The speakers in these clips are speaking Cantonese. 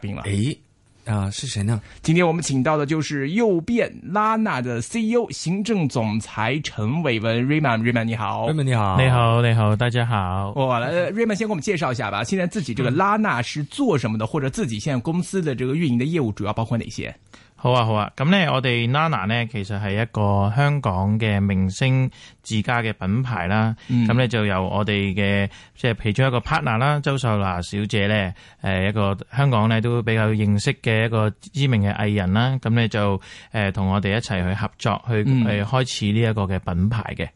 病了誒，啊，是誰呢？今天我們請到的就是右邊拉納的 CEO、行政總裁陳偉文。Raymond，Raymond 你好，Raymond 你好，你好，你好，大家好。我、哦、來，呃、Raymond 先給我們介紹一下吧。現在自己這個拉納是做什麼的、嗯？或者自己現在公司的這個運營的業務主要包括哪些？好啊，好啊，咁咧，我哋 LAANAA 咧，其實係一個香港嘅明星自家嘅品牌啦。咁、嗯、咧就由我哋嘅即係其中一個 partner 啦，周秀娜小姐咧，誒一個香港咧都比較認識嘅一個知名嘅藝人啦。咁咧就誒同、呃、我哋一齊去合作，去誒、嗯、開始呢一個嘅品牌嘅。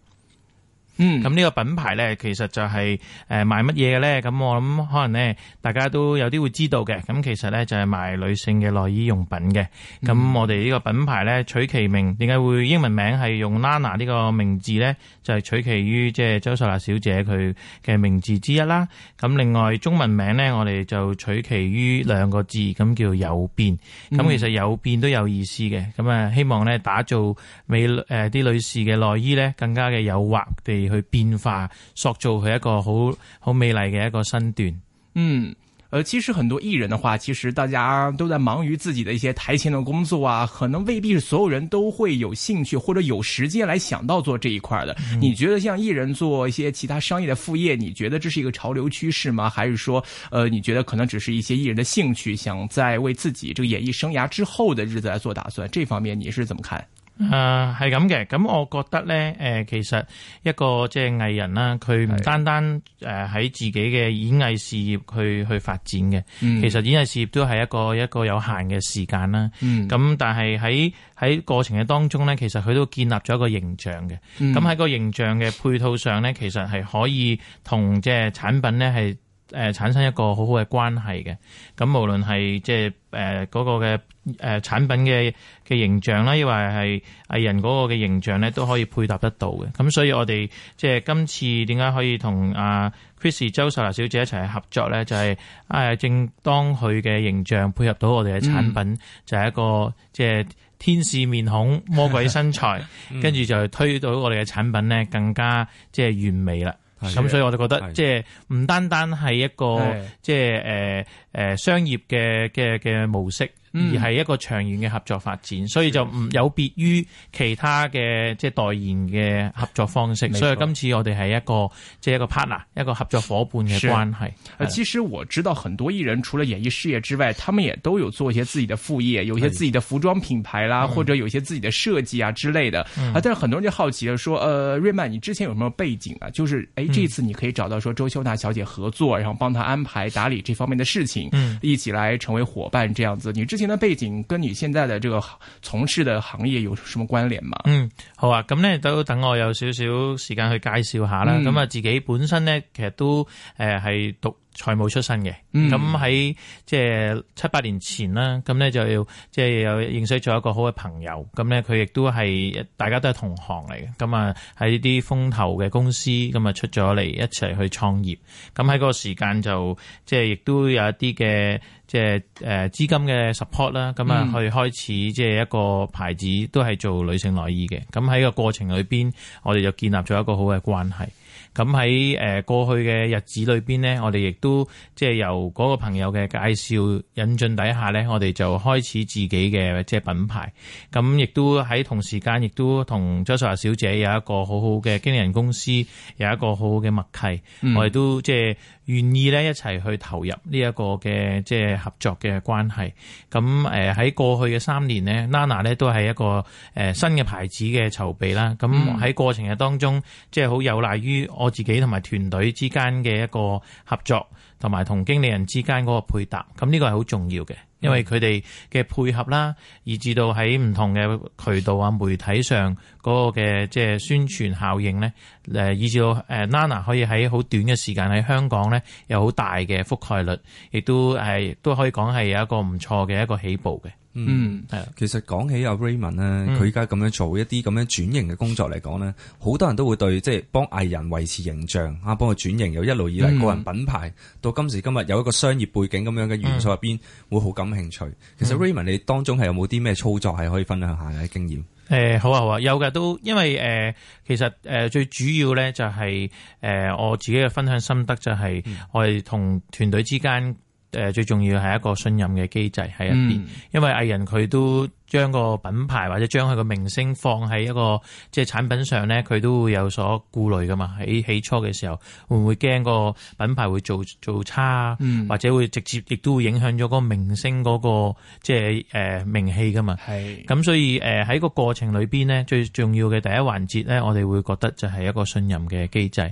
嗯，咁呢個品牌咧，其實就係誒賣乜嘢嘅咧？咁我諗可能咧，大家都有啲會知道嘅。咁其實咧就係、是、賣女性嘅內衣用品嘅。咁我哋呢個品牌咧取其名，點解會英文名係用 LAANAA 呢個名字咧？就係、是、取其於即係周秀娜小姐佢嘅名字之一啦。咁另外中文名咧，我哋就取其於兩個字，咁叫誘變。咁其實誘變都有意思嘅。咁啊，希望咧打造美誒啲、呃、女士嘅內衣咧，更加嘅誘惑地。去變化塑造佢一個好好美麗的一個身段。嗯，呃，其實很多藝人的話，其實大家都在忙於自己的一些台前的工作啊，可能未必是所有人都會有興趣或者有時間來想到做這一塊的。你覺得像藝人做一些其他商業的副業，你覺得這是一個潮流趨勢嗎？還是說，呃，你覺得可能只是一些藝人的興趣，想在為自己這個演藝生涯之後的日子來做打算？這方面你是怎麼看？誒、嗯，係咁嘅，咁我覺得咧，誒，其實一個即係藝人啦，佢唔單單誒喺自己嘅演藝事業去去發展嘅、嗯，其實演藝事業都係一個一個有限嘅時間啦。咁、嗯、但係喺喺過程嘅當中咧，其實佢都建立咗一個形象嘅。咁、嗯、喺個形象嘅配套上咧，其實係可以同即係產品咧係。誒、呃、產生一個好好嘅關係嘅，咁無論係即係誒個嘅誒、呃、產品嘅嘅形象啦，亦或係藝人嗰個嘅形象咧，都可以配搭得到嘅。咁所以我哋即係今次點解可以同阿、啊、Chrissy 周秀娜小姐一齊合作咧，就係、是、誒、呃，正當佢嘅形象配合到我哋嘅產品，嗯、就係、是、一個即係天使面孔、魔鬼身材，跟 住、嗯、就推到我哋嘅產品咧，更加即係完美啦。咁所以我就覺得，即係唔單單係一個，即係誒誒商業嘅嘅嘅模式。而係一個長遠嘅合作發展，嗯、所以就唔有別於其他嘅即係代言嘅合作方式。所以今次我哋係一個即係、就是、一個 partner 一個合作伙伴嘅關係。啊，其實我知道很多藝人除了演藝事業之外，他們也都有做一些自己的副業，有一些自己的服裝品牌啦，或者有一些自己的設計啊之類的。啊、嗯，但是很多人就好奇啦，說：，呃，瑞曼你之前有冇背景啊？就是，哎，這次你可以找到說周秀娜小姐合作，然後幫她安排打理這方面的事情，嗯，一起來成為伙伴，這樣子。你之前。背景跟你現在的這個從事的行業有什麼關聯嘛？嗯，好啊，咁呢都等我有少少時間去介紹下啦。咁、嗯、啊，自己本身呢，其實都誒係讀財務出身嘅。咁喺即係七八年前啦，咁呢就要即係有，有，有認識咗一個好嘅朋友。咁呢佢亦都係大家都係同行嚟嘅。咁啊喺呢啲風投嘅公司，咁啊出咗嚟一齊去創業。咁喺嗰個時間就即係亦都有一啲嘅。嘅誒資金嘅 support 啦，咁啊去開始即係一個牌子都係做女性內衣嘅。咁喺個過程裏邊，我哋就建立咗一個好嘅關係。咁喺誒過去嘅日子裏邊呢，我哋亦都即係由嗰個朋友嘅介紹引進底下呢，我哋就開始自己嘅即係品牌。咁亦都喺同時間，亦都同周秀華小姐有一個好好嘅經理人公司，有一個好好嘅默契。我哋都即係。願意咧一齊去投入呢一個嘅即係合作嘅關係。咁喺過去嘅三年呢，LAANAA 咧都係一個新嘅牌子嘅籌備啦。咁喺過程嘅當中，即係好有賴於我自己同埋團隊之間嘅一個合作，同埋同經理人之間嗰個配搭。咁呢個係好重要嘅。因為佢哋嘅配合啦，以至到喺唔同嘅渠道啊、媒體上嗰個嘅即係宣傳效應咧，誒，以至到誒 LAANAA 可以喺好短嘅時間喺香港咧有好大嘅覆蓋率，亦都誒都可以講係有一個唔錯嘅一個起步嘅。嗯，係、嗯、啊，其實講起阿 Raymond 咧，嗯，佢依家咁樣做一啲咁樣轉型嘅工作嚟講咧，好、嗯、多人都會對即係幫藝人維持形象啊，幫佢轉型，又一路以嚟個人品牌、嗯、到今時今日有一個商業背景咁樣嘅元素入邊、嗯，會好感興趣。其實 Raymond、嗯、你當中係有冇啲咩操作係可以分享下嘅經驗？誒、呃，好啊，好啊，有嘅都，因為誒、呃，其實誒、呃、最主要咧就係、是、誒、呃、我自己嘅分享心得就係、是嗯、我係同團隊之間。誒，最重要係一個信任嘅機制喺入邊、嗯，因為藝人佢都。將個品牌或者將佢個明星放喺一個即係產品上咧，佢都會有所顧慮噶嘛。喺起初嘅時候，會唔會驚個品牌會做做差、嗯，或者會直接亦都會影響咗嗰個明星嗰個即係誒名氣噶嘛？係咁所以誒喺、呃、個過程裏邊咧，最重要嘅第一環節咧，我哋會覺得就係一個信任嘅機制。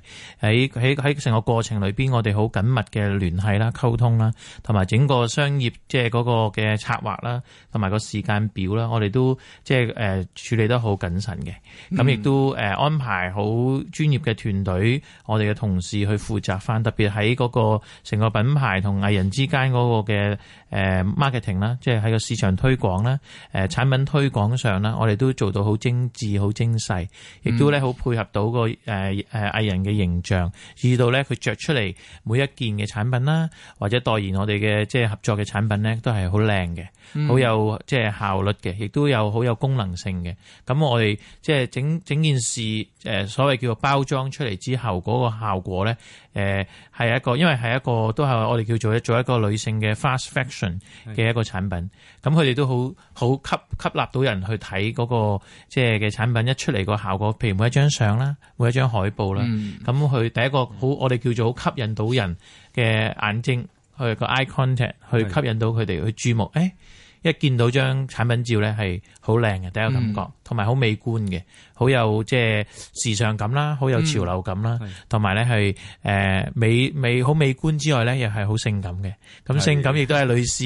喺喺喺成個過程裏邊，我哋好緊密嘅聯繫啦、溝通啦，同埋整個商業即係嗰個嘅策劃啦，同埋個時間表。啦，我哋都即係誒處理得好謹慎嘅，咁亦都誒安排好專業嘅團隊，我哋嘅同事去負責翻，特別喺嗰個成個品牌同藝人之間嗰個嘅。誒 marketing 啦，即係喺個市場推廣啦，誒、呃、產品推廣上啦，我哋都做到好精緻、好精細，亦都咧好配合到個誒誒藝人嘅形象，至、嗯、到咧佢着出嚟每一件嘅產品啦，或者代言我哋嘅即係合作嘅產品咧，都係好靚嘅，好、嗯、有即係效率嘅，亦都有好有功能性嘅。咁我哋即係整整件事，誒、呃、所謂叫做包裝出嚟之後嗰、那個效果咧。誒、呃、係一個，因為係一個都係我哋叫做做一個女性嘅 fast fashion 嘅一個產品。咁佢哋都好好吸吸納到人去睇、那個個即係嘅產品一出嚟個效果，譬如每一張相啦，每一張海報啦，咁、嗯、佢第一個好我哋叫做好吸引到人嘅眼睛去個 eye contact 去吸引到佢哋去注目。誒、哎、一見到張產品照咧係好靚嘅第一個感覺。嗯同埋好美觀嘅，好有即係時尚感啦，好有潮流感啦，同埋咧係誒美美好美觀之外咧，又係好性感嘅。咁性感亦都係女士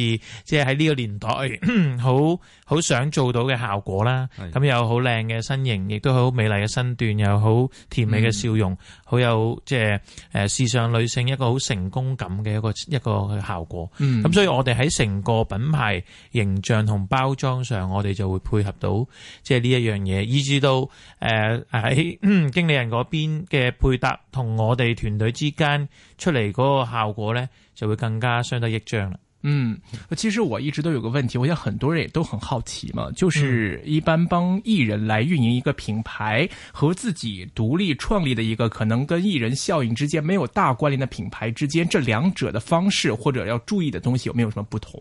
即係喺呢個年代好好想做到嘅效果啦。咁有好靚嘅身形，亦都好美麗嘅身段，又好甜美嘅笑容，好有即係誒時尚女性一個好成功感嘅一個一個效果。咁所以我哋喺成個品牌形象同包裝上，我哋就會配合到即係呢。一樣嘢，以至到誒喺經理人嗰邊嘅配搭，同我哋團隊之間出嚟嗰個效果呢，就會更加相得益彰啦。嗯，其實我一直都有個問題，我想很多人也都很好奇嘛，就是一般幫藝人來運營一個品牌，和自己獨立創立的一個可能跟藝人效應之間沒有大關聯的品牌之間，這兩者的方式或者要注意的東西，有沒有什麼不同？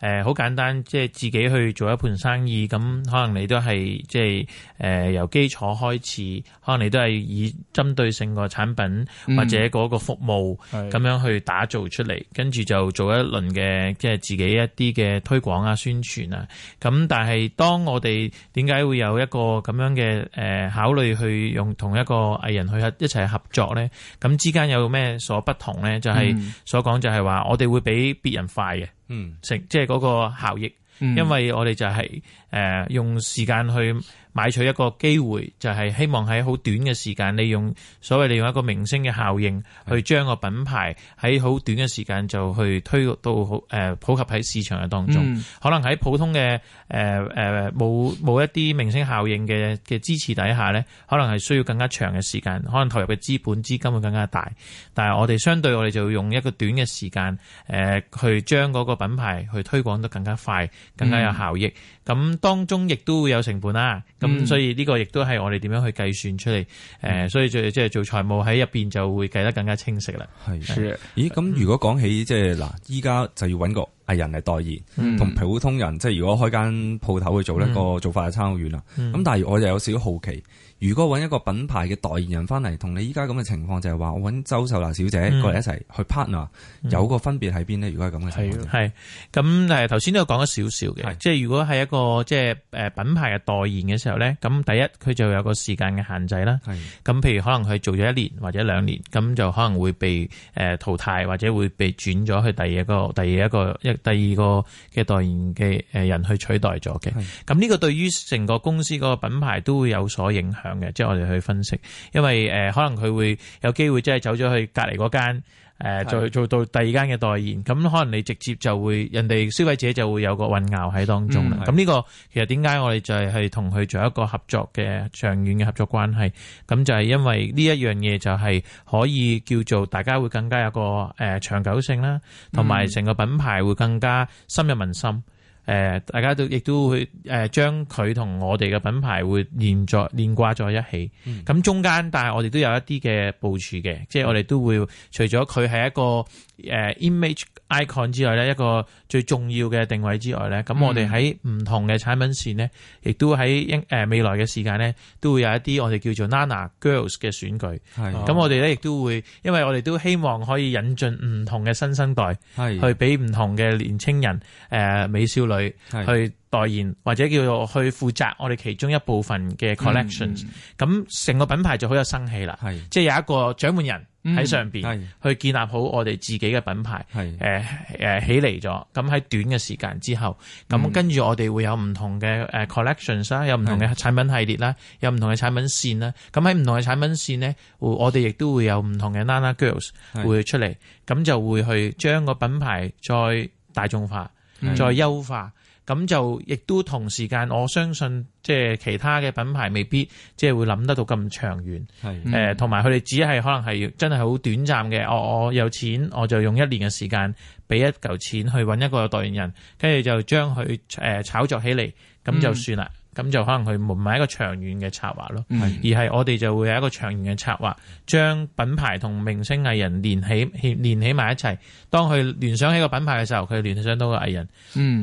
誒，好、呃、簡單，即係自己去做一盤生意，咁可能你都係即係誒、呃、由基礎開始，可能你都係以針對性個產品或者嗰個服務咁、嗯、樣去打造出嚟，跟住是就做一輪嘅即係自己一啲嘅推廣啊、宣傳啊。咁但係當我哋點解會有一個咁樣嘅誒、呃、考慮去用同一個藝人去一齊合作呢？咁之間有咩所不同呢？就係、是、所講就係話我哋會比別人快嘅。嗯，成即係嗰個效益，嗯、因為我哋就係、是。誒、呃，用時間去買取一個機會，就係、是、希望喺好短嘅時間，利用所謂利用一個明星嘅效應，去將個品牌喺好短嘅時間就去推到好誒、呃、普及喺市場嘅當中。嗯、可能喺普通嘅誒誒冇冇一啲明星效應嘅嘅支持底下呢，可能係需要更加長嘅時間，可能投入嘅資本資金會更加大。但係我哋相對我哋就要用一個短嘅時間，誒、呃、去將嗰個品牌去推廣得更加快，更加有效益。嗯嗯咁當中亦都會有成本啦，咁、嗯、所以呢個亦都係我哋點樣去計算出嚟，誒、嗯，所以就即係做財務喺入邊就會計得更加清晰啦。係，係。咦，咁的如果講起即係嗱，依家就要揾個藝人嚟代言，同、嗯、普通人即係如果開間鋪頭去做呢個、嗯、做法就差好遠啦。咁、嗯、但係我又有少少好奇。如果揾一個品牌嘅代言人翻嚟，同你依家咁嘅情況，就係、是、話我揾周秀娜小姐過嚟一齊去 partner，、嗯嗯、有個分別喺邊呢？如果係咁嘅情況，係咁誒頭先都有講咗少少嘅，即係如果係一個即係品牌嘅代言嘅時候咧，咁第一佢就會有個時間嘅限制啦。咁譬如可能佢做咗一年或者兩年，咁就可能會被誒淘汰，或者會被轉咗去第二個第二一個一第二個嘅代言嘅人去取代咗嘅。咁呢個對於成個公司嗰個品牌都會有所影響。嘅，即係我哋去分析，因為誒，可能佢會有機會，即係走咗去隔籬嗰間誒，做做到第二間嘅代言，咁可能你直接就會人哋消費者就會有個混淆喺當中啦。咁呢個其實點解我哋就係係同佢做一個合作嘅長遠嘅合作關係，咁就係因為呢一樣嘢就係可以叫做大家會更加有個誒長久性啦，同埋成個品牌會更加深入民心。誒，大家都亦都會誒，將佢同我哋嘅品牌會連在連掛在一起。咁中間。但係我哋都有一啲嘅部署嘅，即係我哋都會除咗佢係一個誒 image。icon 之外咧，一個最重要嘅定位之外咧，咁、嗯、我哋喺唔同嘅產品線咧，亦都會喺英未來嘅時間咧，都會有一啲我哋叫做 LAANAA Girls 嘅選舉，係咁、哦、我哋咧亦都會，因為我哋都希望可以引進唔同嘅新生代，係去俾唔同嘅年青人誒、呃、美少女去代言或者叫做去負責我哋其中一部分嘅 collections，嗯。咁、嗯、成個品牌就好有生氣啦。係，即係有一個掌門人。喺、嗯、上面去建立好我哋自己嘅品牌，誒誒、呃呃、起嚟咗，咁喺短嘅時間之後，咁、嗯、跟住我哋會有唔同嘅誒 collections 啦，有唔同嘅產品系列啦，有唔同嘅產品線啦，咁喺唔同嘅產品線咧，我我哋亦都會有唔同嘅 nana girls 會出嚟，咁就會去將個品牌再大眾化、再優化。咁就亦都同時間，我相信即係其他嘅品牌未必即係會諗得到咁長遠，係誒同埋佢哋只係可能係真係好短暫嘅。我我有錢我就用一年嘅時間俾一嚿錢去揾一個代言人，跟住就將佢誒炒作起嚟，咁就算啦。嗯咁就可能佢唔係一個長遠嘅策劃咯，嗯、而係我哋就會有一個長遠嘅策劃，將品牌同明星藝人連起連連起埋一齊。當佢聯想起個品牌嘅時候，佢聯想到個藝人；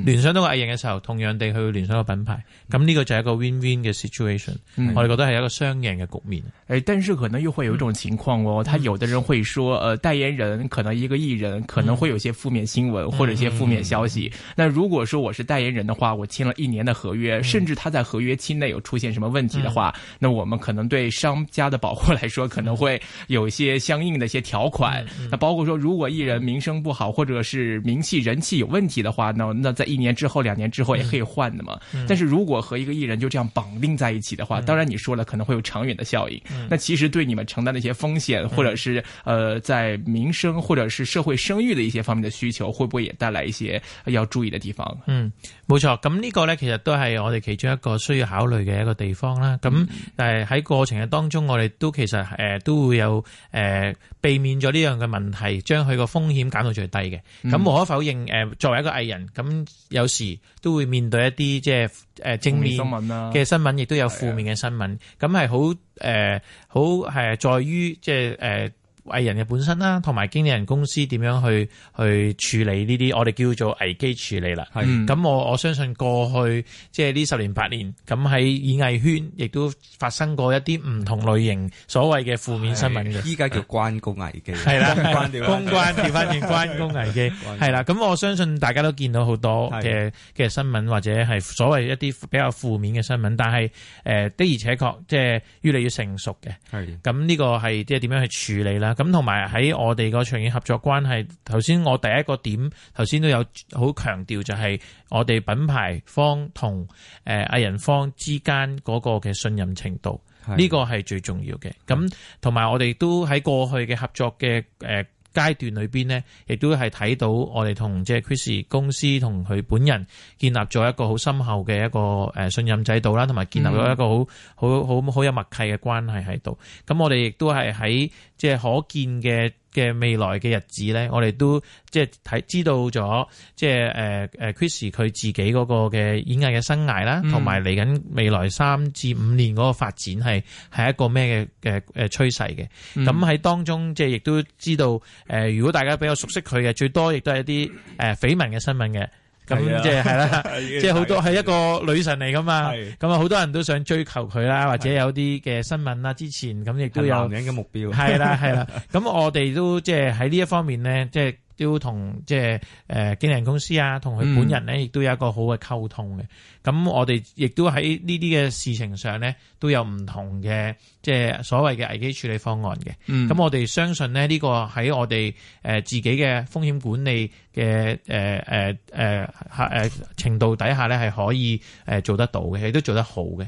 聯、嗯、想到個藝人嘅時候，同樣地佢會聯想到個品牌。咁呢個就係一個 win win 嘅 situation。嗯、我哋覺得係一個雙贏嘅局面。誒，但是可能又會有一種情況哦，他有的人會說，誒、呃、代言人可能一個藝人可能會有一些負面新聞或者一些負面消息、嗯。但如果說我是代言人的話，我簽了一年的合約，嗯、甚至他在合約期內有出現什麼問題的話、嗯，那我們可能對商家的保護來說，嗯、可能會有一些相應的一些條款。嗯嗯、那包括說，如果藝人名聲不好，嗯、或者是名氣、人氣有問題的話，那那在一年之後、兩年之後也可以換的嘛、嗯。但是如果和一個藝人就這樣綁定在一起的話，嗯、當然你說了可能會有長遠的效應、嗯。那其實對你們承擔的一些風險、嗯，或者是呃，在名聲或者是社會聲譽的一些方面的需求，會不會也帶來一些要注意的地方？嗯，沒錯。咁呢個呢其實都係我哋其中一個。需要考慮嘅一個地方啦，咁但係喺過程嘅當中，我哋都其實誒都會有誒避免咗呢樣嘅問題，將佢個風險減到最低嘅。咁、嗯、無可否認，誒作為一個藝人，咁有時都會面對一啲即係誒正面嘅新聞，亦都有負面嘅新聞。咁係好誒好係在於即係誒。呃藝人嘅本身啦，同埋經理人公司點樣去去處理呢啲，我哋叫做危機處理啦。係，咁我我相信過去即係呢十年八年，咁喺演藝圈亦都發生過一啲唔同類型所謂嘅負面新聞嘅。依家叫關公危機，係啦， 關掉啊，公關掉翻轉關公危機，係 啦。咁我相信大家都見到好多嘅嘅新聞或者係所謂一啲比較負面嘅新聞，但係誒、呃、的而且確即係越嚟越成熟嘅。係，咁呢個係即係點樣去處理啦？咁同埋喺我哋個長遠合作關係，頭先我第一個點，頭先都有好強調，就係我哋品牌方同誒藝人方之間嗰個嘅信任程度，呢個係最重要嘅。咁同埋我哋都喺過去嘅合作嘅誒階段裏邊咧，亦都係睇到我哋同即係 Chris 公司同佢本人建立咗一個好深厚嘅一個誒信任制度啦，同埋建立咗一個好好好好有默契嘅關係喺度。咁我哋亦都係喺即係可見嘅。嘅未來嘅日子咧，我哋都即係睇知道咗，即係誒誒 Chrissy 佢自己嗰個嘅演藝嘅生涯啦，同埋嚟緊未來三至五年嗰個發展係係一個咩嘅嘅嘅趨勢嘅。咁喺當中即係亦都知道，誒、嗯嗯、如果大家比較熟悉佢嘅，最多亦都係一啲誒緋聞嘅新聞嘅。咁即係係啦，即係好多係一個女神嚟㗎嘛，咁啊好多人都想追求佢啦，或者有啲嘅新聞啦，是之前咁亦都有。嗯、男人嘅目標。係啦係啦，咁、嗯 嗯嗯、我哋都即係喺呢一方面咧，即、就、係、是。都同即係誒，經、呃、紀公司啊，同佢本人咧，亦都有一個好嘅溝通嘅。咁、嗯、我哋亦都喺呢啲嘅事情上咧，都有唔同嘅即係所謂嘅危機處理方案嘅。咁、嗯、我哋相信咧，呢、這個喺我哋誒、呃、自己嘅風險管理嘅誒誒誒下誒程度底下咧，係可以誒做得到嘅，亦都做得好嘅。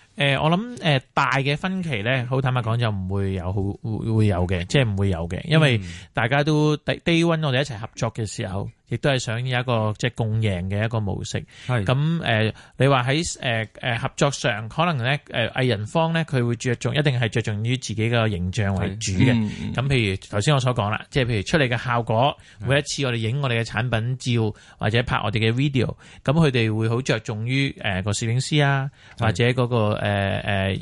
誒、呃，我諗誒、呃，大嘅分歧咧，好坦白講就唔會有，會會，會有嘅，即係唔會有嘅，因為大家都低低溫，嗯、我哋一齊合作嘅時候。亦都係想有一個即係共贏嘅一個模式。係咁誒，你話喺誒誒合作上，可能咧誒藝人方咧佢會着重，一定係着重於自己嘅形象為主嘅。咁譬如頭先、嗯、我所講啦，即係譬如出嚟嘅效果，每一次我哋影我哋嘅產品照或者拍我哋嘅 video，咁佢哋會好着重於誒個攝影師啊，或者、嗰個誒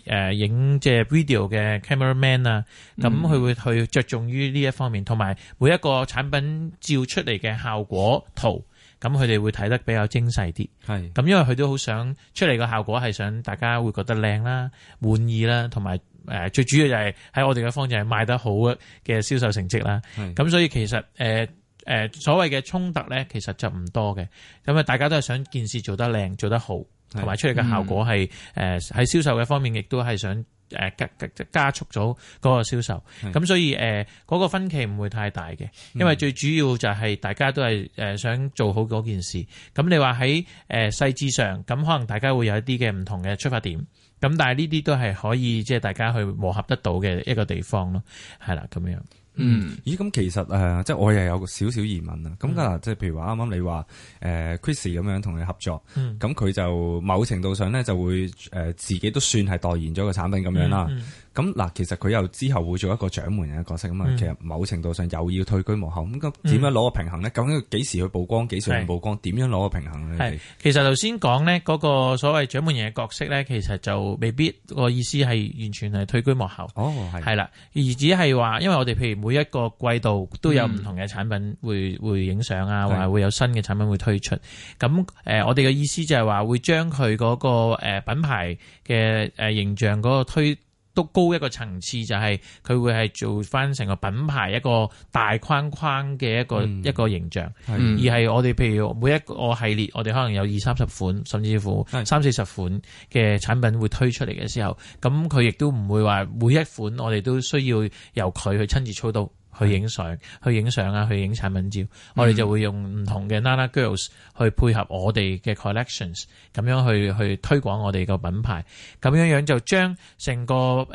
誒誒影即係 video 嘅 camera man 啊，咁佢會去着重於呢一方面，同、嗯、埋每一個產品照出嚟嘅效果。果圖咁，佢哋會睇得比較精細啲。係咁，因為佢都好想出嚟個效果，係想大家會覺得靚啦、滿意啦，同埋誒，最主要就係喺我哋嘅方向係賣得好嘅銷售成績啦。咁所以其實誒誒、呃，所謂嘅衝突咧，其實就唔多嘅。咁啊，大家都係想件事做得靚、做得好，同埋出嚟嘅效果係誒喺銷售嘅方面，亦都係想。誒加加速咗嗰個銷售，咁所以誒嗰個分歧唔會太大嘅，因為最主要就係大家都係誒想做好嗰件事。咁你話喺誒細節上，咁可能大家會有一啲嘅唔同嘅出發點，咁但係呢啲都係可以即係大家去磨合得到嘅一個地方咯，係啦，咁樣。嗯，咦，咁其實誒、呃，即係我又有個少少疑問啊。咁嗱，即係譬如話，啱啱你話誒，Chris 咁樣同你合作，咁佢、嗯、就某程度上咧就會誒、呃、自己都算係代言咗個產品咁樣啦。嗯嗯。咁嗱，其實佢又之後會做一個掌門人嘅角色，咁、嗯、啊，其實某程度上又要退居幕後，咁點樣攞個平衡咧？咁、嗯、究竟幾時去曝光，幾時去曝光，點樣攞個平衡咧？係其實頭先講咧，嗰個所謂掌門人嘅角色咧，其實就未必、個意思係完全係退居幕後哦，係啦，而只係話，因為我哋譬如每一個季度都有唔同嘅產品會會影相啊，或會有新嘅產品會推出。咁誒，我哋嘅意思就係話會將佢嗰個品牌嘅誒形象嗰個推都高一個層次，就係、是、佢會係做翻成個品牌一個大框框嘅一個、嗯、一個形象，嗯、而係我哋譬如每一個系列，我哋可能有二三十款，甚至乎三四十款嘅產品會推出嚟嘅時候，咁佢亦都唔會話每一款我哋都需要由佢去親自操刀。去影相，去影相啊，去影產品照，我哋就會用唔同嘅 Nana Girls 去配合我哋嘅 Collections，咁樣去去推廣我哋個品牌，咁樣樣就將成個誒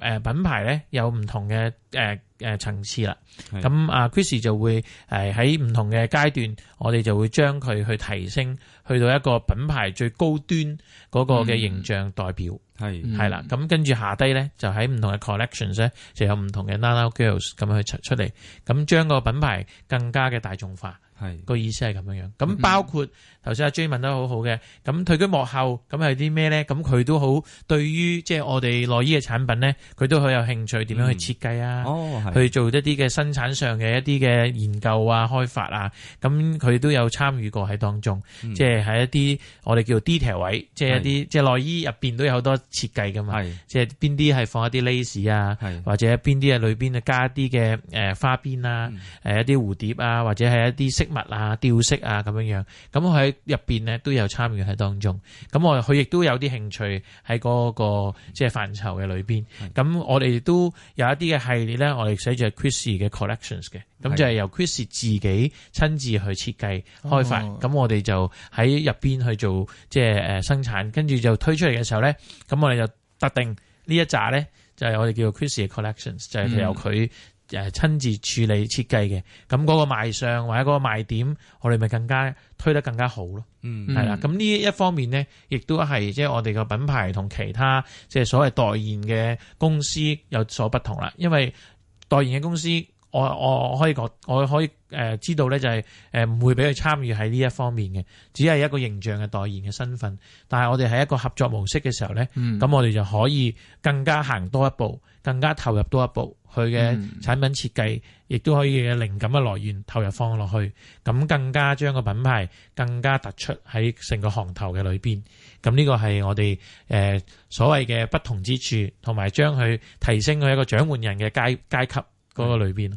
誒品牌咧有唔同嘅誒誒層次啦。咁阿 Chris 就會誒喺唔同嘅階段，我哋就會將佢去提升，去到一個品牌最高端嗰個嘅形象代表。係係啦，咁跟住下低咧，就喺唔同嘅 collections 咧，就有唔同嘅 nano girls 咁樣去出出嚟，咁將個品牌更加嘅大眾化，係個意思係咁樣樣，咁包括。頭先阿 J 問得好好嘅，咁退居幕後咁係啲咩咧？咁佢都好對於即係我哋內衣嘅產品咧，佢都好有興趣點樣去設計啊、嗯哦，去做一啲嘅生產上嘅一啲嘅研究啊、開發啊，咁佢都有參與過喺當中，嗯、即係喺一啲我哋叫做 detail 位，嗯、即係一啲即係內衣入邊都有好多設計噶嘛，即係邊啲係放一啲 lace 啊，或者邊啲係裏邊加加啲嘅花邊啊，嗯呃、一啲蝴蝶啊，或者係一啲飾物啊、吊飾啊咁樣，咁佢入邊咧都有參與喺當中，咁我佢亦都有啲興趣喺嗰個即係範疇嘅裏邊。咁我哋亦都有一啲嘅系列咧，我哋寫住 Chris 嘅 Collections 嘅，咁就係、是、由 Chris 自己親自去設計開發。咁、哦、我哋就喺入邊去做即係誒生產，跟住就推出嚟嘅時候咧，咁我哋就特定呢一紮咧就係我哋叫做 Chris 嘅 Collections，就係佢由佢。誒親自處理設計嘅，咁嗰個賣相或者嗰個賣點，我哋咪更加推得更加好咯。嗯，係啦。咁呢一方面呢，亦都係即係我哋嘅品牌同其他即係所謂代言嘅公司有所不同啦。因為代言嘅公司，我我可以講，我可以誒、呃、知道呢，就係誒唔會俾佢參與喺呢一方面嘅，只係一個形象嘅代言嘅身份。但係我哋係一個合作模式嘅時候呢，咁、嗯、我哋就可以更加行多一步，更加投入多一步。佢嘅產品設計，亦都可以嘅靈感嘅來源投入放落去，咁更加將個品牌更加突出喺成個行頭嘅裏邊。咁呢個係我哋誒所謂嘅不同之處，同埋將佢提升去一個掌門人嘅階階級嗰個裏邊。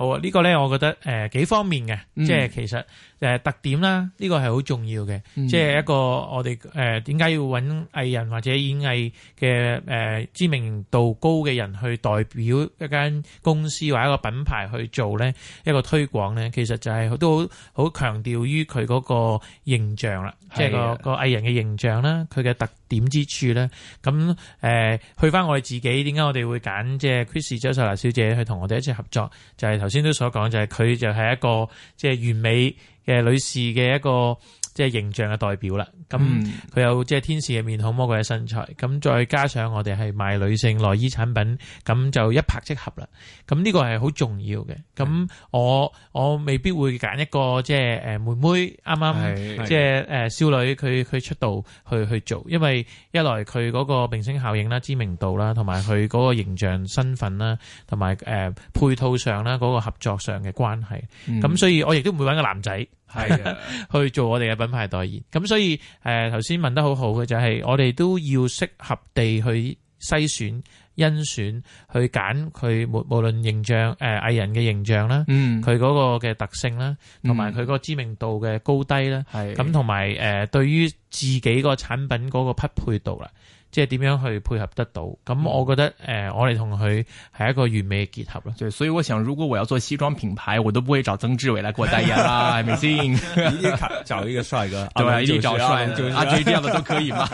好啊，呢、這個咧，我覺得誒幾、呃、方面嘅、嗯，即係其實。誒特點啦，呢、這個係好重要嘅、嗯，即係一個我哋誒點解要揾藝人或者演藝嘅誒知名度高嘅人去代表一間公司或者一個品牌去做咧一個推廣咧，其實就係都好強調於佢嗰個形象啦、嗯，即係個是的個藝人嘅形象啦，佢嘅特點之處咧。咁、嗯、誒、呃、去返我哋自己，點解我哋會揀即係 Chris 周秀娜小姐去同我哋一齊合作？就係頭先都所講，就係、是、佢就係一個即係完美。嘅、呃、女士嘅一個即係形象嘅代表啦，咁、嗯、佢、嗯、有即係天使嘅面孔、魔鬼嘅身材，咁再加上我哋係賣女性內衣產品，咁就一拍即合啦。咁呢個係好重要嘅，咁、嗯、我我未必會揀一個即係、呃、妹妹啱啱即係誒少女，佢佢出道去去做，因為一來佢嗰個明星效應啦、知名度啦，同埋佢嗰個形象身、身份啦，同埋誒配套上啦嗰、嗰個合作上嘅關係，咁、嗯嗯、所以我亦都唔會揾個男仔。係， 去做我哋嘅品牌代言。咁所以，誒、呃，頭先問得好好嘅就係、是，我哋都要適合地去篩選、甄選，去揀佢無無論形象，誒、呃，藝人嘅形象啦，嗯，佢嗰個嘅特性啦，同埋佢個知名度嘅高低啦，係，咁同埋，誒、呃，對於自己個產品嗰個匹配度啦。即係點樣去配合得到？咁我覺得誒、呃，我哋同佢係一個完美嘅結合咯。所以我想，如果我要做西裝品牌，我都不會找曾志偉來過代言啦，明 星對吧，一 定找一個帥哥，對，一定找帥哥啊啊，啊，這樣子都可以嘛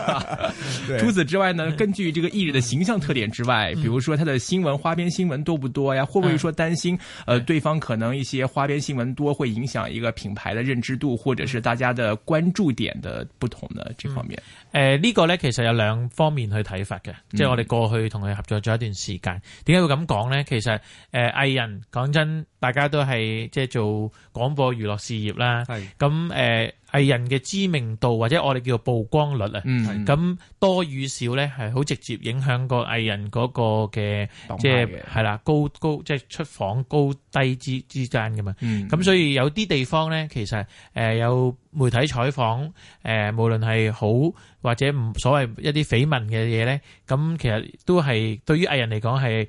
對。除此之外呢，根據這個藝人的形象特點之外，比如說他的新聞花邊新聞多不多呀，啊？會不會說擔心？嗯、呃對方可能一些花邊新聞多，會影響一個品牌的認知度，或者是大家的關注點的不同呢？這方面？嗯誒、呃，呢、呢個、就是、呢，其實有兩方面去睇法嘅，即係我哋過去同佢合作咗一段時間，點解會咁講呢？其實誒，藝人講真，大家都係即係做廣播娛樂事業啦，咁誒。嗯呃藝人嘅知名度或者我哋叫做曝光率啊，咁多與少咧係好直接影響個藝人嗰個嘅，即係係啦，高高即係出訪高低之之間噶嘛，咁所以有啲地方咧，其實誒有媒體採訪誒，無論係好或者唔所謂一啲緋聞嘅嘢咧，咁其實都係對於藝人嚟講係，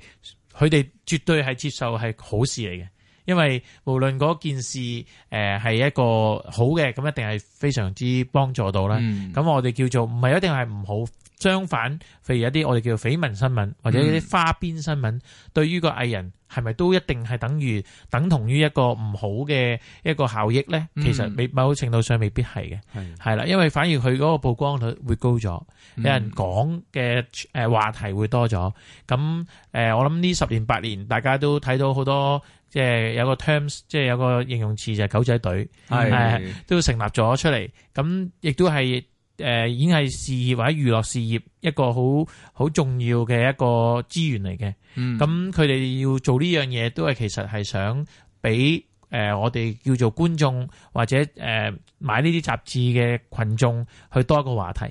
佢哋絕對係接受係好事嚟嘅。因為無論嗰件事，誒係一個好嘅，咁一定係非常之幫助到啦。咁我哋叫做唔係一定係唔好，相反，譬如一啲我哋叫做緋聞新聞或者一啲花邊新聞，對於個藝人係咪都一定係等於等同於一個唔好嘅一個效益咧？其實未，某程度上未必係嘅，係啦，因為反而佢嗰個曝光率會高咗，有人講嘅誒話題會多咗。咁誒，我諗呢十年八年，大家都睇到好多。即係有個 terms，即係有個形容詞就係、是、狗仔隊，係、呃，都成立咗出嚟。咁亦都係誒、呃、演藝事業或者娛樂事業一個好好重要嘅一個資源嚟嘅。咁佢哋要做呢樣嘢，都係其實係想俾誒、呃、我哋叫做觀眾或者誒、呃、買呢啲雜誌嘅群眾去多一個話題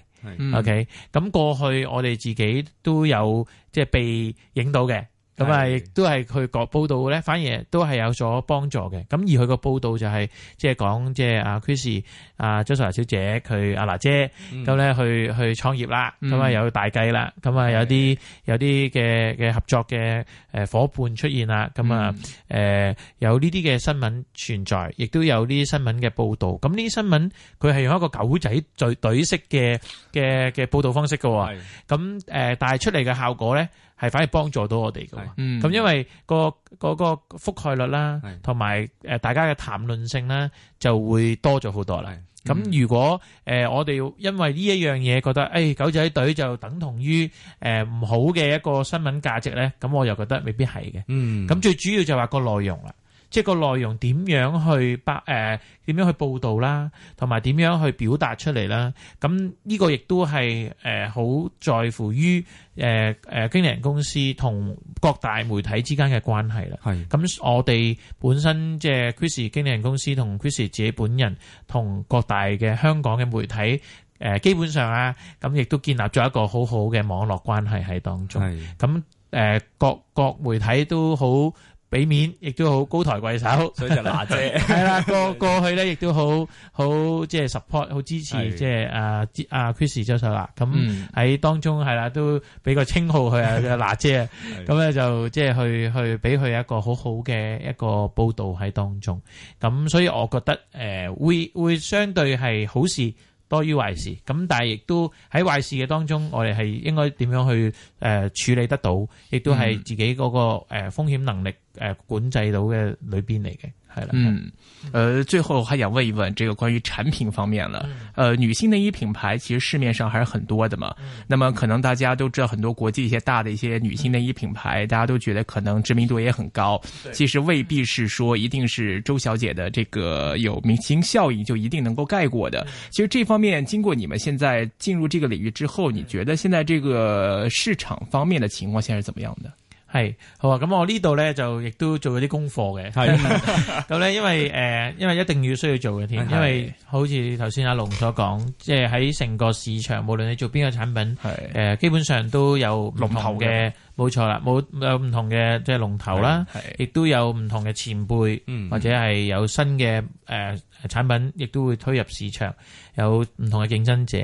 ，OK，咁、嗯、過去我哋自己都有即係被影到嘅。咁啊，亦都係佢個報道咧，反而都係有所幫助嘅。咁而佢個報道就係即係講即係阿 Chris、阿 Joshua 小姐佢阿娜姐，咁咧去去創業啦，咁啊有大計啦，咁啊有啲有啲嘅嘅合作嘅誒夥伴出現啦，咁啊誒有呢啲嘅新聞存在，亦都有呢啲新聞嘅報道。咁呢啲新聞佢係用一個狗仔隊隊式嘅嘅嘅報道方式嘅喎。咁誒，但係出嚟嘅效果咧？係反而幫助到我哋㗎嘛，咁因為個嗰個覆蓋率啦，同埋誒大家嘅談論性咧就會多咗好多啦。咁如果誒我哋因為呢一樣嘢覺得，誒狗仔隊就等同於誒唔好嘅一個新聞價值咧，咁我又覺得未必係嘅。咁最主要就係話個內容啦。即係個內容點樣去拍誒點樣去報道啦，同埋點樣去表達出嚟啦？咁呢個亦都係誒好在乎於誒誒經理人公司同各大媒體之間嘅關係啦。係咁，我哋本身即係 Chris 經理人公司同 Chris 自己本人同各大嘅香港嘅媒體誒，基本上啊咁亦都建立咗一個好好嘅網絡關係喺當中。係咁誒，各各媒體都好。俾面，亦都好高抬貴手，所以就娜姐係啦。過過去咧，亦都好好即係 support，好支持即係啊啊 Chrissie 周秀娜啦。咁喺當中係啦，都俾個稱號佢啊，就娜姐。咁咧就即係去去俾佢一個好好嘅一個報導喺當中。咁所以我覺得誒會會相對係好事多於壞事。咁但係亦都喺壞事嘅當中，我哋係應該點樣去誒處理得到？亦都係自己嗰個誒風險能力。呃、管制到的裏邊來的，是的。嗯，呃，最後還想問一問，這個關於產品方面了。嗯、呃，女性內衣品牌其實市面上還是很多的嘛。嗯、那麼可能大家都知道，很多國際一些大的一些女性內衣品牌、嗯，大家都覺得可能知名度也很高、嗯。其實未必是說一定是周小姐的這個有明星效應就一定能夠蓋過的、嗯。其實這方面，經過你們現在進入這個領域之後，你覺得現在這個市場方面的情況現在是怎麼樣的？係好啊！咁我呢度咧就亦都做咗啲功課嘅。咁咧， 因為誒、呃，因為一定要需要做嘅添。因為好似頭先阿龍所講，即係喺成個市場，無論你做邊個產品，誒、呃，基本上都有唔同嘅龍頭嘅。冇錯啦，冇有唔同嘅即係龍頭啦，亦都有唔同嘅前輩，或者係有新嘅誒產品，亦都會推入市場，有唔同嘅競爭者。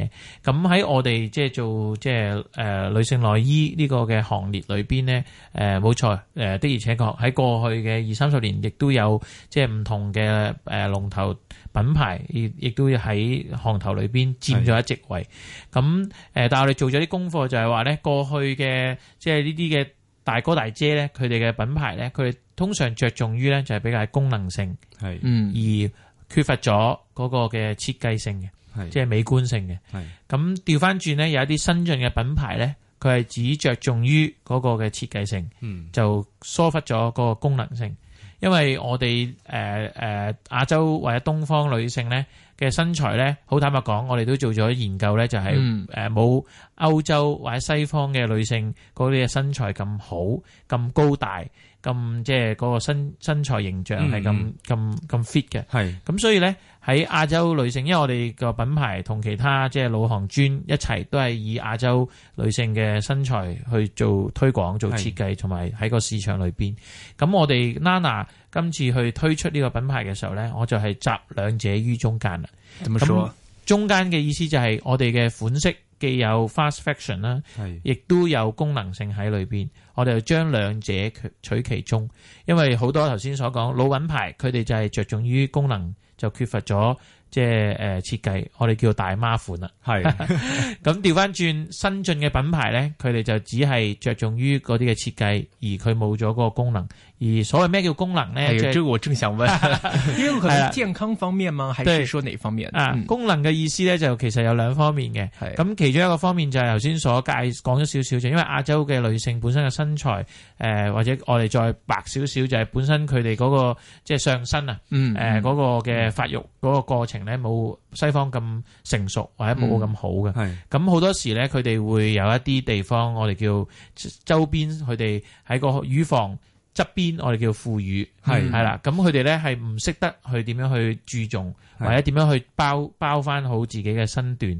咁喺我哋即係做即係誒女性內衣呢個嘅行列裏面咧，誒冇錯，誒的而且確喺過去嘅二三十年，亦都有即係唔同嘅誒龍頭品牌而亦都要喺行頭裏邊佔咗一席位。咁誒，但係我哋做咗啲功課，就係話咧，過去嘅即係呢啲嘅大哥大姐咧，佢哋嘅品牌咧，佢通常着重於咧就係比較功能性，係，嗯，而缺乏咗嗰個嘅設計性嘅，係，即係美觀性嘅，係。咁調返轉咧，有一啲新進嘅品牌咧，佢係只着重於嗰個嘅設計性，嗯，就疏忽咗嗰個功能性。因為我哋誒誒亞洲或者東方女性咧嘅身材咧，好坦白講，我哋都做咗研究咧，就係，就係冇歐洲或者西方嘅女性嗰啲身材咁好、咁高大、咁即係嗰個身身材形象係咁咁咁 fit 嘅。係咁，所以咧。喺亞洲女性，因為我哋個品牌同其他即係老行專一齊都係以亞洲女性嘅身材去做推廣、做設計，同埋喺個市場裏面。咁我哋 Nana 今次去推出呢個品牌嘅時候呢，我就係集兩者於中間啦。怎麼說？咁中間嘅意思就係我哋嘅款式既有 fast fashion t f a 啦，亦都有功能性喺裏面。我哋就將兩者取取其中，因為好多頭先所講老品牌佢哋就係着重於功能，又缺乏咗。即係誒、呃、設計，我哋叫大媽款啦。係， 咁調翻轉新進嘅品牌咧，佢哋就只係着重於嗰啲嘅設計，而佢冇咗嗰個功能。而所謂咩叫功能咧？呢、哎、個我正想問，因為佢係健康方面嘛，還是說哪方面？功能嘅意思咧，就其實有兩方面嘅。咁、嗯、其中一個方面就係頭先所介講咗少少，就因為亞洲嘅女性本身嘅身材，誒、呃、或者我哋再白少少，就係、是、本身佢哋嗰個即係上身啊，誒、嗯、嗰、嗯呃那個嘅發育嗰個過程。咧冇西方咁成熟，或者冇咁好嘅。係咁，好多時咧，佢哋會有一啲地方，我哋叫周邊，佢哋喺個乳房側邊我們，我哋叫副乳係係啦。咁佢哋咧係唔識得去點樣去注重，或者點樣去包包翻好自己嘅身段。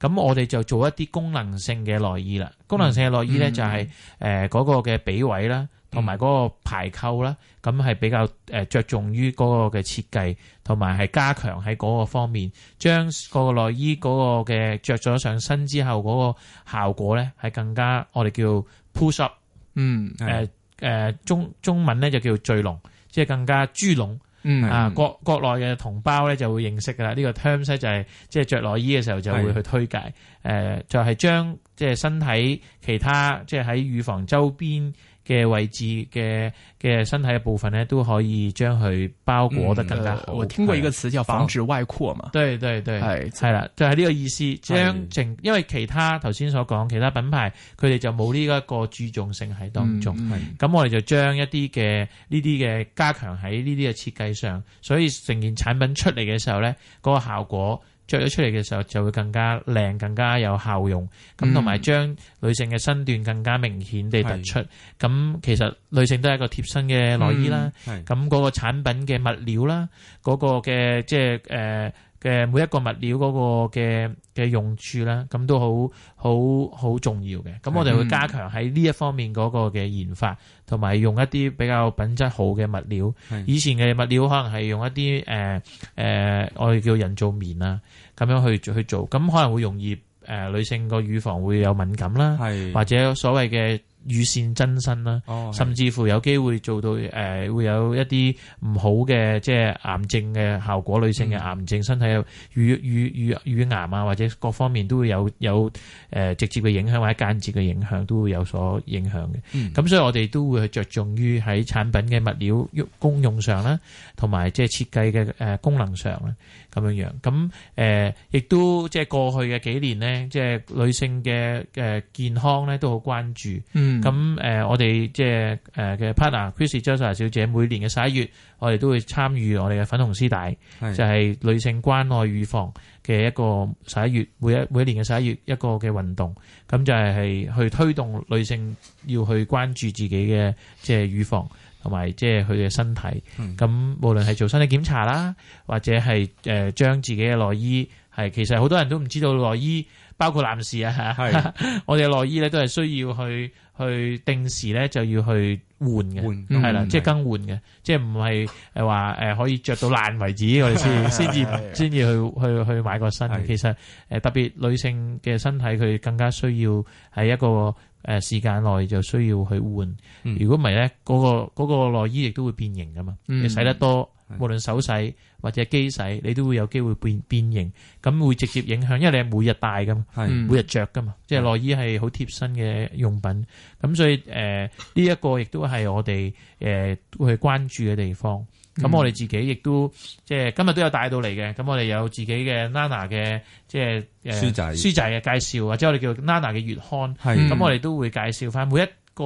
咁我哋就做一啲功能性嘅內衣啦。功能性嘅內衣咧就係誒嗰個嘅髀位啦。同埋嗰個排扣啦，咁係比較誒着重於嗰個嘅設計，同埋係加強喺嗰個方面，將個內衣嗰個嘅着咗上身之後嗰個效果咧係更加，我哋叫 push up，嗯，誒、呃、中中文咧就叫聚龍，即係更加豬龍。嗯啊，國國內嘅同胞咧就會認識㗎喇，呢、這個 terms 咧就係即係着內衣嘅時候就會去推介，誒、呃、就係、是、將即係、就是、身體其他即係喺乳房周邊。嘅位置嘅嘅身體嘅部分咧，都可以將佢包裹得更加好、嗯呃。我聽過一個詞叫防止外擴嘛。對對對，係係啦，就係、是、呢個意思。將正因為其他頭先所講，其他品牌佢哋就冇呢一個注重性喺當中。係、嗯、咁，我哋就將一啲嘅呢啲嘅加強喺呢啲嘅設計上，所以成件產品出嚟嘅時候咧，嗰、那個效果。着咗出嚟嘅時候就會更加靚，更加有效用，咁同埋將女性嘅身段更加明顯地突出。咁是其實女性都係一個貼身嘅內衣啦。咁嗰、嗯、個產品嘅物料啦，嗰、嗰個嘅即係誒。呃嘅每一個物料嗰個嘅嘅用處啦，咁都好好好重要嘅。咁我哋會加強喺呢一方面嗰個嘅研發，同埋用一啲比較品質好嘅物料。以前嘅物料可能係用一啲誒誒我哋叫人造棉啊，咁樣去去做，咁可能會容易誒、呃、女性個乳房會有敏感啦，係或者所謂嘅。乳腺增生啦，甚至乎有機會做到誒、呃，會有一啲唔好嘅，即係癌症嘅效果。女性嘅癌症，嗯、身體有乳乳乳乳癌啊，或者各方面都會有有誒、呃、直接嘅影響或者間接嘅影響，都會有所影響嘅。咁、嗯、所以我哋都會着重於喺產品嘅物料用功用上啦，同埋即係設計嘅誒功能上啦，咁樣樣。咁誒亦都即係過去嘅幾年呢，即係女性嘅誒健康咧都好關注。嗯咁誒、呃嗯呃，我哋即係誒嘅 partner，Chris Josa 小姐，每年嘅十一月，我哋都會參與我哋嘅粉紅絲帶，是就係、是、女性關愛預防嘅一個十一月，每一每年嘅十一月一個嘅運動。咁就係去推動女性要去關注自己嘅即係預防同埋即係佢嘅身體。咁、嗯、無論係做身體檢查啦，或者係誒、呃、將自己嘅內衣係其實好多人都唔知道內衣。包括男士啊，係、啊、 我哋內衣咧都係需要去去定時咧就要去換嘅，係啦，即係、啊、更換嘅， 即係唔係誒話誒可以着到爛為止，我哋先先至先至去 去去，去買個新嘅、啊。其實誒、呃、特別女性嘅身體佢更加需要係一個。誒時間內就需要去換，如果唔係咧，嗰個嗰個內衣亦都會變形噶嘛。嗯、你洗得多，無論手洗或者機洗，你都會有機會變變形，咁會直接影響，因為你係每日戴噶，每日着噶嘛，嗯、即係內衣係好貼身嘅用品，咁、嗯、所以誒呢一個亦都係我哋誒、呃、去關注嘅地方。咁、嗯、我哋自己亦都即係、就是、今日都有帶到嚟嘅，咁我哋有自己嘅 LAANAA 嘅即係誒書仔書仔嘅介紹或者我哋叫 LAANAA 嘅月刊，咁我哋都會介紹返每一個、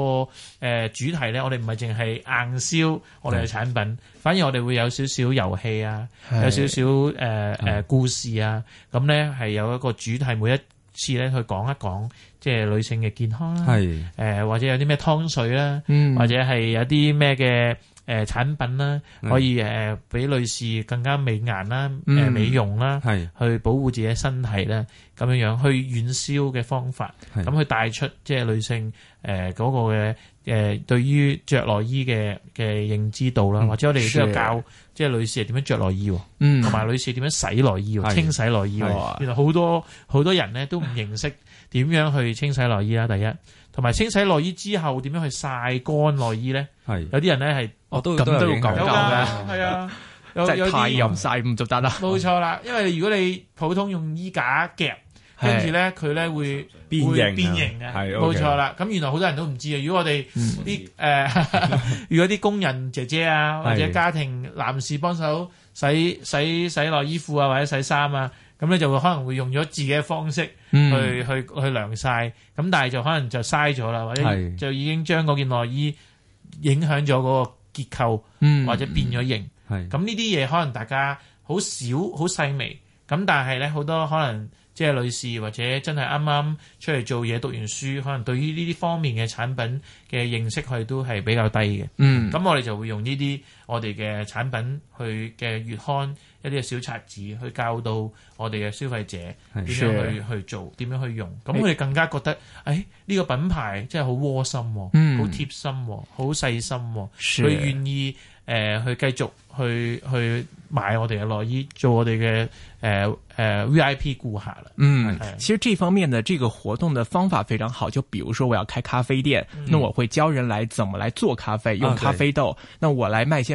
呃、主題咧。我哋唔係淨係硬銷我哋嘅產品，反而我哋會有少少遊戲啊，有少少誒故事啊，咁咧係有一個主題，每一次咧去講一講即係、就是、女性嘅健康，啊、誒、呃、或者有啲咩湯水啦、啊嗯，或者係有啲咩嘅。誒、呃、產品啦，可以誒俾、呃、女士更加美顏啦、嗯，美容啦，係去保護自己身體啦。咁樣樣去遠銷嘅方法，咁去帶出即係女性誒嗰、呃那個嘅誒、呃、對於著內衣嘅嘅認知度啦、嗯，或者我哋都有教即係女士係點樣著內衣，喎、嗯，同埋女士點樣洗內衣，清洗內衣，原來好多好 多人咧都唔認識點樣去清洗內衣啦，第一，同埋清洗內衣之後點樣去曬乾內衣咧，有啲人咧係。我、哦、都咁都要講究嘅，係啊，即係太陰晒唔就得、是、啦。冇錯啦，因為如果你普通用衣架夾，跟住咧佢咧會變形變形嘅、啊，冇錯啦。咁、okay、原來好多人都唔知啊。如果我哋啲、嗯呃、 如果啲工人姐姐啊，或者家庭男士幫手洗洗洗，洗內衣褲啊，或者洗衫啊，咁咧就可能會用咗自己嘅方式去、嗯、去去晾晒。咁但係就可能就嘥咗啦，或者就已經將嗰件內衣影響咗嗰、那個。結構或者變咗形，咁呢啲嘢可能大家好少好細微，咁但係咧好多可能即係女士或者真係啱啱出嚟做嘢讀完書，可能對於呢啲方面嘅產品嘅認識，佢都係比較低嘅。嗯，咁我哋就會用呢啲。我哋嘅產品去嘅月刊一啲嘅小冊子，去教到我哋嘅消費者點樣去去做，點樣去用，咁佢哋更加覺得，誒、欸、呢、哎這個品牌真係好窩心、哦，好、嗯、貼心、哦，好細心、哦，佢願意誒去繼續去去買我哋嘅內衣，做我哋嘅誒誒 VIP 顧客啦。嗯，其實這方面嘅這個活動嘅方法非常好，就比如說我要開咖啡店、嗯，那我會教人來怎麼來做咖啡，用咖啡豆，啊、那我來賣些。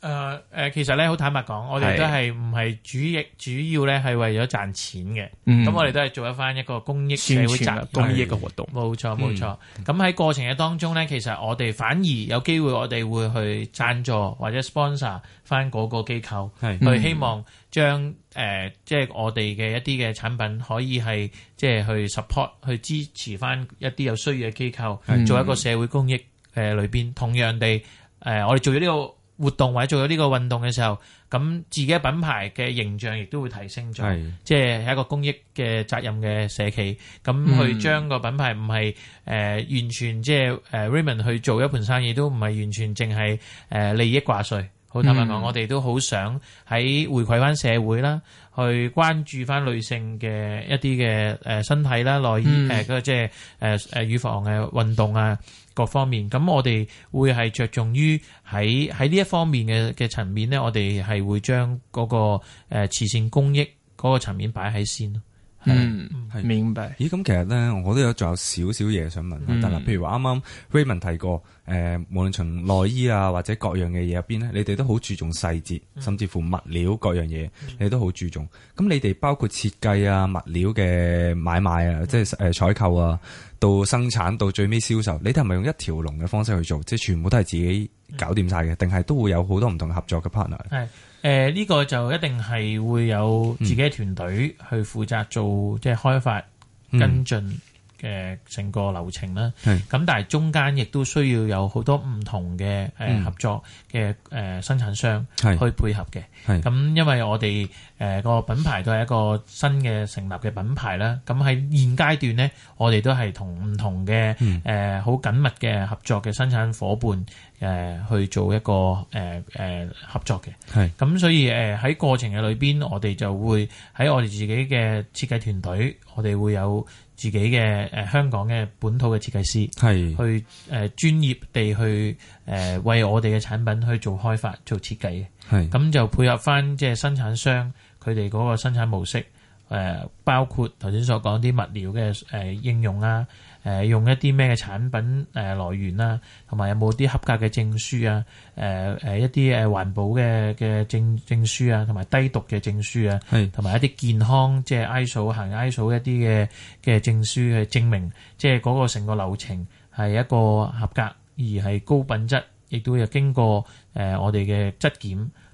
誒、呃、誒，其實咧好坦白講，我哋都係唔係主要主要咧係為咗賺錢嘅。咁、嗯、我哋都係做一翻一個公益社會責公益嘅活動。冇錯冇錯。咁喺、嗯、過程嘅當中咧，其實我哋反而有機會，我哋會去贊助或者 sponsor 翻嗰個機構，係去希望將誒即係我哋嘅一啲嘅產品可以係即係去 support 去支持翻一啲有需要嘅機構，做一個社會公益嘅裏邊、嗯呃。同樣地，誒、呃、我哋做咗呢、這個。活動或者做咗呢個運動嘅時候，咁自己嘅品牌嘅形象亦都會提升咗，即係一個公益嘅責任嘅社企，咁去將個品牌唔係誒完全即係誒 Raymond 去做一盤生意，都唔係完全淨係誒利益掛帥。好坦白講，我哋都好想喺回饋返社會啦。去關注翻女性嘅一啲嘅誒身體啦、內衣誒嗰個即係誒誒乳房嘅運動啊各方面，咁我哋會係着重於喺喺呢一方面嘅嘅層面咧，我哋係會將嗰個誒慈善公益嗰個層面擺喺先咯。嗯，係明白。咦，咁其實咧，我都有仲有少少嘢想問。嗯、但係譬如話啱啱 Raymond 提過，誒、呃，無論從內衣啊或者各樣嘅嘢入邊咧，你哋都好注重細節、嗯，甚至乎物料各樣嘢、嗯，你都好注重。咁你哋包括設計啊、物料嘅買賣啊，即係誒採購啊，到生產到最尾銷售，你哋係咪用一條龍嘅方式去做，即係全部都係自己搞掂晒嘅，定、嗯、係都會有好多唔同合作嘅 partner？係。誒、這、呢個就一定係會有自己嘅團隊去負責做，即、就、係、是、開發跟進，嗯嘅成個流程啦，咁但係中間亦都需要有好多唔同嘅合作嘅誒生產商去配合嘅。咁因為我哋誒個品牌都係一個新嘅成立嘅品牌啦，咁喺現階段咧，我哋都係同唔同嘅誒好緊密嘅合作嘅生產伙伴誒去做一個誒合作嘅。咁，所以誒喺過程嘅裏邊我哋就會喺我哋自己嘅設計團隊，我哋會有。自己嘅誒、呃、香港嘅本土嘅設計師係去誒、呃、專業地去誒、呃、為我哋嘅產品去做開發、做設計、嘅係咁就配合翻即係生產商佢哋嗰個生產模式誒、呃、包括頭先所講啲物料嘅誒、呃、應用啦、啊。誒用一啲咩嘅產品誒來源啦，同埋有冇啲合格嘅證書啊、呃？一啲誒環保嘅嘅證證書啊，同埋低毒嘅證書啊，同埋一啲健康即係 ISO 行 ISO 一啲嘅嘅證書去證明，即係嗰個成個流程係一個合格而係高品質，亦都要經過誒我哋嘅質檢。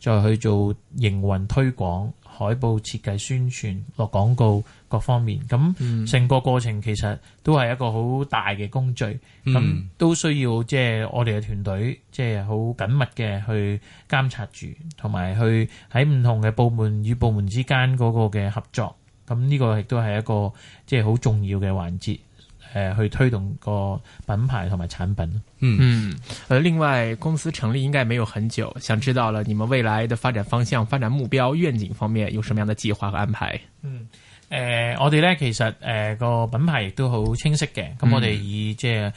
再去做營運推廣、海報設計、宣傳、落廣告各方面，咁成、嗯、個過程其實都係一個好大嘅工序，咁、嗯、都需要即係、就是、我哋嘅團隊即係好緊密嘅去監察住，同埋去喺唔同嘅部門與部門之間嗰個嘅合作，咁呢個亦都係一個即係好重要嘅環節。誒、呃，去推動個品牌同埋產品。嗯嗯，誒，另外公司成立應該沒有很久，想知道了你們未來的發展方向、發展目標、願景方面有什麼樣的計劃和安排？嗯，誒、呃，我哋咧其實誒、呃、個品牌亦都好清晰嘅，咁、嗯、我哋以即係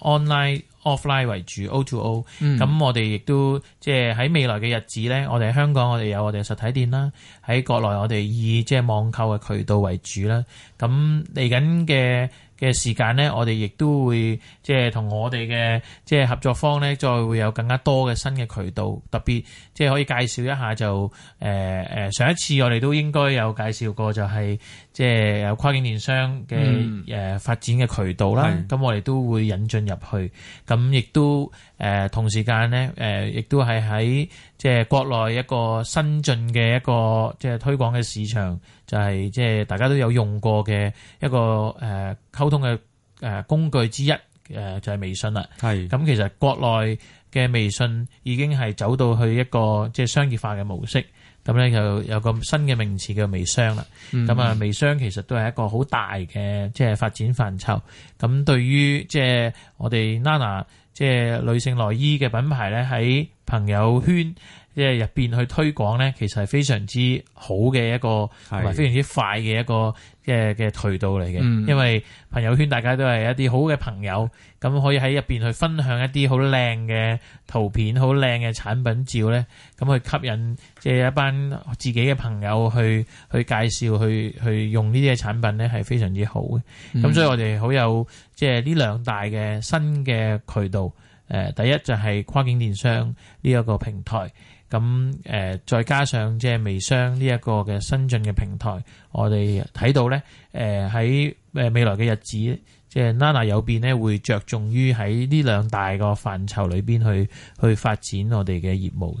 online offline 為主，O to O。咁、嗯、我哋亦都即係喺未來嘅日子咧，我哋喺香港我哋有我哋嘅實體店啦，喺國內我哋以即係網購嘅渠道為主啦。咁嚟緊嘅。嘅時間呢，我哋亦都會即係同我哋嘅即係合作方呢，再會有更加多嘅新嘅渠道，特別即係可以介紹一下就誒、呃、上一次我哋都應該有介紹過就係即係有跨境電商嘅誒發展嘅渠道啦，咁、嗯、我哋都會引進入去，咁亦都、呃、同時間呢，亦都係喺。即係國內一個新進嘅一個即係推廣嘅市場，就係即係大家都有用過嘅一個誒溝通嘅誒工具之一，誒就係微信啦。係咁，其實國內嘅微信已經係走到去一個即係商業化嘅模式。咁咧就有個新嘅名詞叫微商啦。咁、嗯、啊、嗯，微商其實都係一個好大嘅即係發展範疇。咁對於即係我哋 LAANAA，即係女性內衣嘅品牌咧，喺朋友圈，即係入面去推廣咧，其實係非常之好嘅一個，同埋非常之快嘅一個嘅嘅渠道嚟嘅。因為朋友圈大家都係一啲好嘅朋友，咁可以喺入面去分享一啲好靚嘅圖片、好靚嘅產品照咧，咁去吸引即係一班自己嘅朋友去去介紹、去去用呢啲嘅產品咧，係非常之好嘅。咁所以我哋好有即係呢兩大嘅新嘅渠道。誒，第一就係跨境電商呢一個平台。咁誒，再加上即係微商呢一個嘅新進嘅平台，我哋睇到咧，誒喺誒未來嘅日子，即係 LAANAA 誘變咧，會着重於喺呢兩大個範疇裏邊去去發展我哋嘅業務嘅。